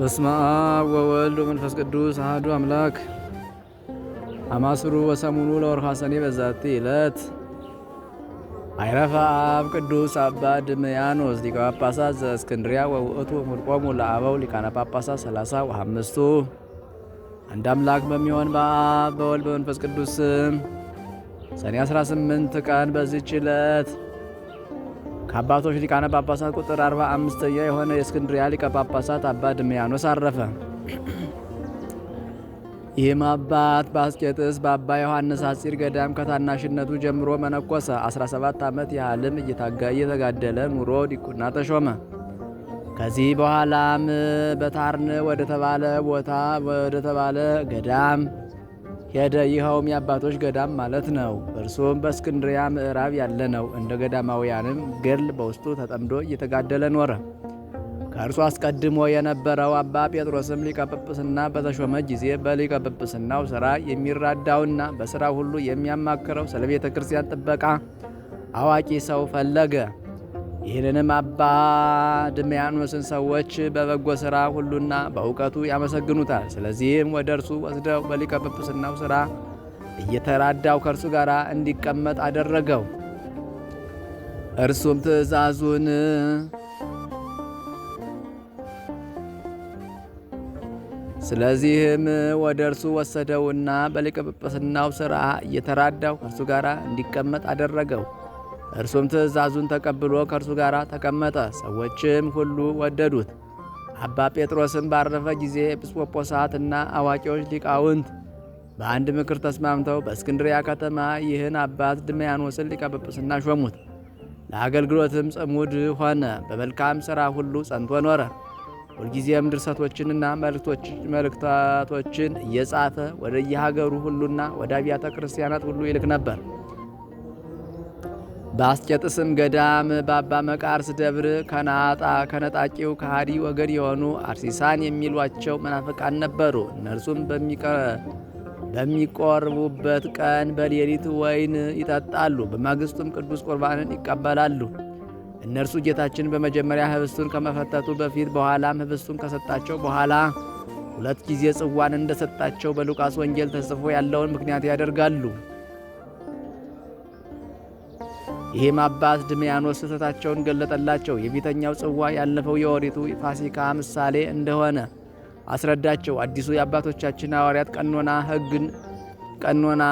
በስመ አብ ወወልድ ወመንፈስ ቅዱስ አሐዱ አምላክ። አማስሩ ወሰሙኑ ለወርኃ ሰኔ በዛቲ ዕለት አይረፈ አብ ቅዱስ አባ ድምያኖስ ሊቀ ጳጳሳት ዘእስክንድርያ ወውእቱ ወምልቆሙ ለአበው ሊቃነ ጳጳሳት ሰላሳ ወአምስቱ። አንድ አምላክ በሚሆን በአብ በወልድ በመንፈስ ቅዱስ ስም ሰኔ 18 ቀን በዚች ዕለት ከአባቶች ሊቃነ ጳጳሳት ቁጥር 45ኛ የሆነ የእስክንድሪያ ሊቀ ጳጳሳት አባ ድሚያኖስ አረፈ። ይህም አባት በአስቄጥስ በአባ ዮሐንስ አጺር ገዳም ከታናሽነቱ ጀምሮ መነኮሰ። 17 ዓመት ያህልም እየተጋደለ ኑሮ ዲቁና ተሾመ። ከዚህ በኋላም በታርን ወደተባለ ቦታ ወደተባለ ገዳም ሄደ። ይኸውም የአባቶች ገዳም ማለት ነው። እርሱም በእስክንድሪያ ምዕራብ ያለ ነው። እንደ ገዳማውያንም ገድል በውስጡ ተጠምዶ እየተጋደለ ኖረ። ከእርሱ አስቀድሞ የነበረው አባ ጴጥሮስም ሊቀጵጵስና በተሾመ ጊዜ በሊቀ ጵጵስናው ሥራ የሚራዳውና በሥራ ሁሉ የሚያማክረው ስለ ቤተ ክርስቲያን ጥበቃ አዋቂ ሰው ፈለገ። ይህንንም አባ ድሚያኖስን ሰዎች በበጎ ሥራ ሁሉና በእውቀቱ ያመሰግኑታል። ስለዚህም ወደ እርሱ ወስደው በሊቀ ጵጵስናው ሥራ እየተራዳው ከእርሱ ጋር እንዲቀመጥ አደረገው። እርሱም ትእዛዙን ስለዚህም ወደ እርሱ ወሰደውና በሊቀ ጵጵስናው ሥራ እየተራዳው ከእርሱ ጋር እንዲቀመጥ አደረገው። እርሱም ትእዛዙን ተቀብሎ ከእርሱ ጋር ተቀመጠ። ሰዎችም ሁሉ ወደዱት። አባ ጴጥሮስም ባረፈ ጊዜ ኤጲስቆጶሳት እና አዋቂዎች ሊቃውንት በአንድ ምክር ተስማምተው በእስክንድሪያ ከተማ ይህን አባት ድመያኖስን ሊቀ ጵጵስና ሾሙት። ለአገልግሎትም ጽሙድ ሆነ። በመልካም ሥራ ሁሉ ጸንቶ ኖረ። ሁልጊዜም ድርሰቶችንና መልእክታቶችን እየጻፈ ወደ የሀገሩ ሁሉና ወደ አብያተ ክርስቲያናት ሁሉ ይልክ ነበር። በአስቄጥስም ገዳም በአባ መቃርስ ደብር ከናጣ ከነጣቂው ከሃዲ ወገን የሆኑ አርሲሳን የሚሏቸው መናፍቃን ነበሩ። እነርሱም በሚቆርቡበት ቀን በሌሊት ወይን ይጠጣሉ፣ በማግስቱም ቅዱስ ቁርባንን ይቀበላሉ። እነርሱ ጌታችን በመጀመሪያ ህብስቱን ከመፈተቱ በፊት በኋላም ህብስቱን ከሰጣቸው በኋላ ሁለት ጊዜ ጽዋን እንደሰጣቸው በሉቃስ ወንጌል ተጽፎ ያለውን ምክንያት ያደርጋሉ። ይህም አባት ድሜያኖስ ስህተታቸውን ገለጠላቸው። የፊተኛው ጽዋ ያለፈው የወሪቱ ፋሲካ ምሳሌ እንደሆነ አስረዳቸው። አዲሱ የአባቶቻችን ሐዋርያት ቀኖና ሕግን ቀኖና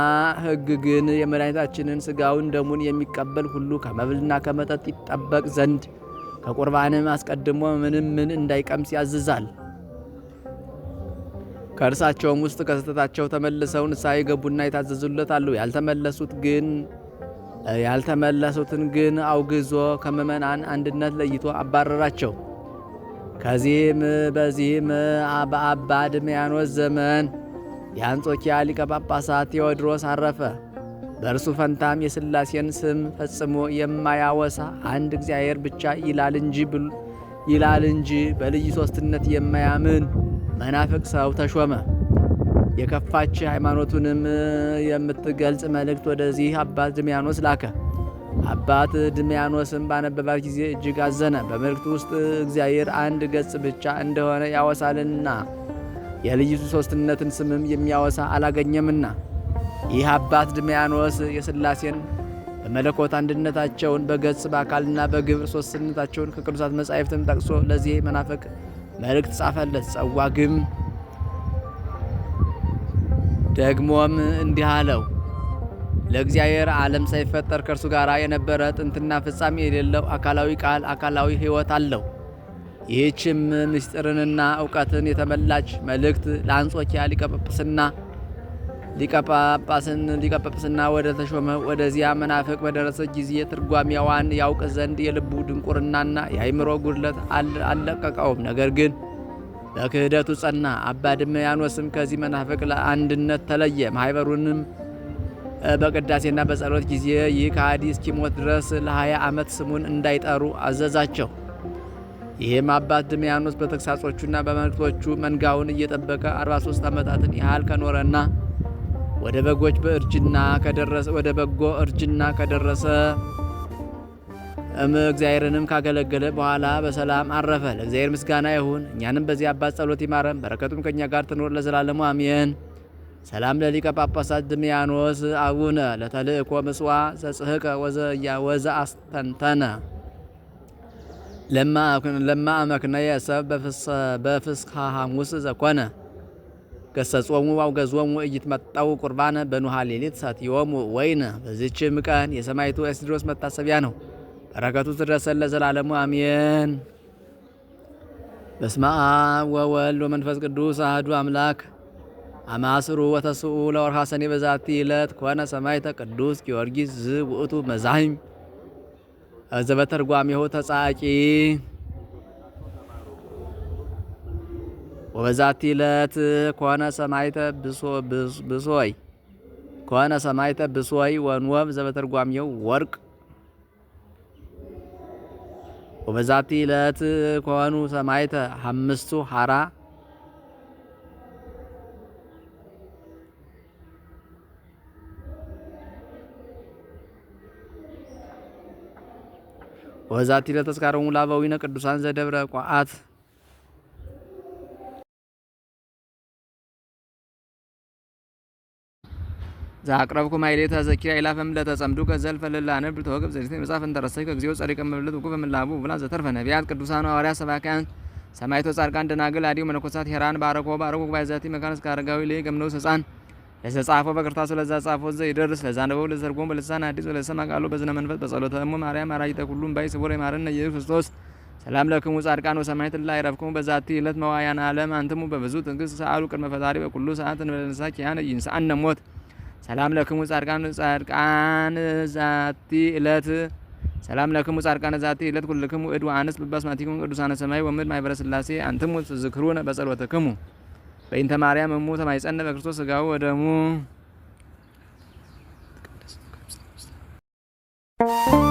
ሕግ ግን የመድኃኒታችንን ሥጋውን ደሙን የሚቀበል ሁሉ ከመብልና ከመጠጥ ይጠበቅ ዘንድ ከቁርባንም አስቀድሞ ምንም ምን እንዳይቀምስ ያዝዛል። ከእርሳቸውም ውስጥ ከስህተታቸው ተመልሰው ንስሐ የገቡና የታዘዙለት አሉ። ያልተመለሱት ግን ያልተመለሱትን ግን አውግዞ ከምእመናን አንድነት ለይቶ አባረራቸው። ከዚህም በዚህም በአባ ድሜያኖስ ዘመን የአንጾኪያ ሊቀ ጳጳሳት ቴዎድሮስ አረፈ። በእርሱ ፈንታም የሥላሴን ስም ፈጽሞ የማያወሳ አንድ እግዚአብሔር ብቻ ይላል እንጂ በልዩ ሦስትነት የማያምን መናፍቅ ሰው ተሾመ። የከፋች ሃይማኖቱንም የምትገልጽ መልእክት ወደዚህ አባት ድሚያኖስ ላከ። አባት ድሚያኖስም ባነበባት ጊዜ እጅግ አዘነ። በመልእክቱ ውስጥ እግዚአብሔር አንድ ገጽ ብቻ እንደሆነ ያወሳልና የልጅቱ ሦስትነትን ስምም የሚያወሳ አላገኘምና ይህ አባት ድሚያኖስ የሥላሴን በመለኮት አንድነታቸውን በገጽ በአካልና በግብር ሦስትነታቸውን ከቅዱሳት መጻሕፍትም ጠቅሶ ለዚህ መናፍቅ መልእክት ጻፈለት። ጸዋ ግን ደግሞም እንዲህ አለው፣ ለእግዚአብሔር ዓለም ሳይፈጠር ከእርሱ ጋር የነበረ ጥንትና ፍጻሜ የሌለው አካላዊ ቃል አካላዊ ሕይወት አለው። ይህችም ምስጢርንና እውቀትን የተመላች መልእክት ለአንጾኪያ ሊቀጳጳስና ሊቀጳጳስን ሊቀጳጳስና ወደ ተሾመ ወደዚያ መናፍቅ በደረሰች ጊዜ ትርጓሜዋን ያውቅ ዘንድ የልቡ ድንቁርናና የአይምሮ ጉድለት አልለቀቀውም። ነገር ግን በክህደቱ ጸና። አባ ድመያኖስም ከዚህ መናፍቅ ለአንድነት ተለየ። ማህበሩንም በቅዳሴና በጸሎት ጊዜ ይህ ከሃዲ እስኪሞት ድረስ ለ20 ዓመት ስሙን እንዳይጠሩ አዘዛቸው። ይህም አባት ድሜያኖስ በተግሳጾቹና በመልእክቶቹ መንጋውን እየጠበቀ 43 ዓመታትን ያህል ከኖረና ወደ በጎች በእርጅና ከደረሰ ወደ በጎ እርጅና ከደረሰ እም እግዚአብሔርንም ካገለገለ በኋላ በሰላም አረፈ። ለእግዚአብሔር ምስጋና ይሁን። እኛንም በዚህ አባት ጸሎት ይማረን፣ በረከቱም ከእኛ ጋር ትኖር ለዘላለሙ አሜን። ሰላም ለሊቀ ጳጳሳት ድሚያኖስ አቡነ ለተልእኮ ምጽዋ ዘጽህቀ ወዘ አስተንተነ ለማ አመክነየ ሰብ በፍስሐ ሐሙስ ዘኮነ ገሰጾሙ አውገዞሙ ኢይትመጣው ቁርባነ በንኡሐ ሌሊት ሰትዮሙ ወይን። በዚችም ቀን የሰማይቱ ኤስድሮስ መታሰቢያ ነው። በረከቱ ትድረሰን ለዘላለሙ አሜን። በስመ አብ ወወልድ ወመንፈስ ቅዱስ አህዱ አምላክ አማስሩ ወተስኡ ለወርሃ ሰኔ በዛቲ ዕለት ኮነ ሰማዕተ ቅዱስ ጊዮርጊስ ዝውእቱ መዛሂም ዘበተርጓሜሁ ተጻቂ ወበዛቲ ዕለት ኮነ ሰማዕተ ብሶይ ኮነ ሰማዕተ ብሶይ ወንወብ ዘበተርጓሜሁ ወርቅ ወበዛቲ ዕለት ኮኑ ሰማይተ አምስቱ ሐራ ወበዛቲ ዕለት ተስካሮሙ ላበዊነ ቅዱሳን ዘደብረ ቋአት ዘአቅረብኩ ማይሌተ ዘኪራ ኢላፈም ለተጸምዱ ከዘልፈ ልላነብ ተወግብ ዘዲት መጽሐፍ እንተረሰይ ከጊዜው ጸሪቀ መብለት ውቁ በምላቡ ብላ ዘተርፈ ነቢያት ቅዱሳን ሐዋርያ ሰባካያን ሰማይቶ ጻድቃን ደናግል አዲው መነኮሳት ሄራን ባረኮ ባረኮ ጉባኤ ዛቲ መካነ እስከ አረጋዊ ላይ ገምነው ሰጻን ለተጻፈው በቅርታሱ ለዛ ጻፎ ዘ ይደርስ ለዛ ነበው ለዘርጎም በልሳን አዲስ ለሰማ ቃሉ በዝነ መንፈስ በጸሎተ እሙ ማርያም አራጅተ ሁሉም ባይ ስቡር የማረነ ኢየሱስ ክርስቶስ ሰላም ለክሙ ጻድቃን ወሰማዕት ላይ ረፍክሙ በዛቲ ዕለት መዋያነ ዓለም አንትሙ በብዙ ትዕግስት ሰአሉ ቅድመ ፈጣሪ በኩሉ ሰዓት እንበለንሳኪ ያነ ይንሳአነ ሞት ሰላም ለክሙ ጻድቃን ጻድቃን ዛቲ እለት ሰላም ለክሙ ጻድቃን ዛቲ እለት ኩልክሙ እድ ወአንስ በባስማቲኩም ቅዱሳነ ሰማይ ወምድ ማይበረ ስላሴ አንትሙ ዝክሩነ በጸሎትክሙ በእንተ ማርያም እሙ ተማይጸነ በክርስቶስ ስጋው ወደሙ Thank you.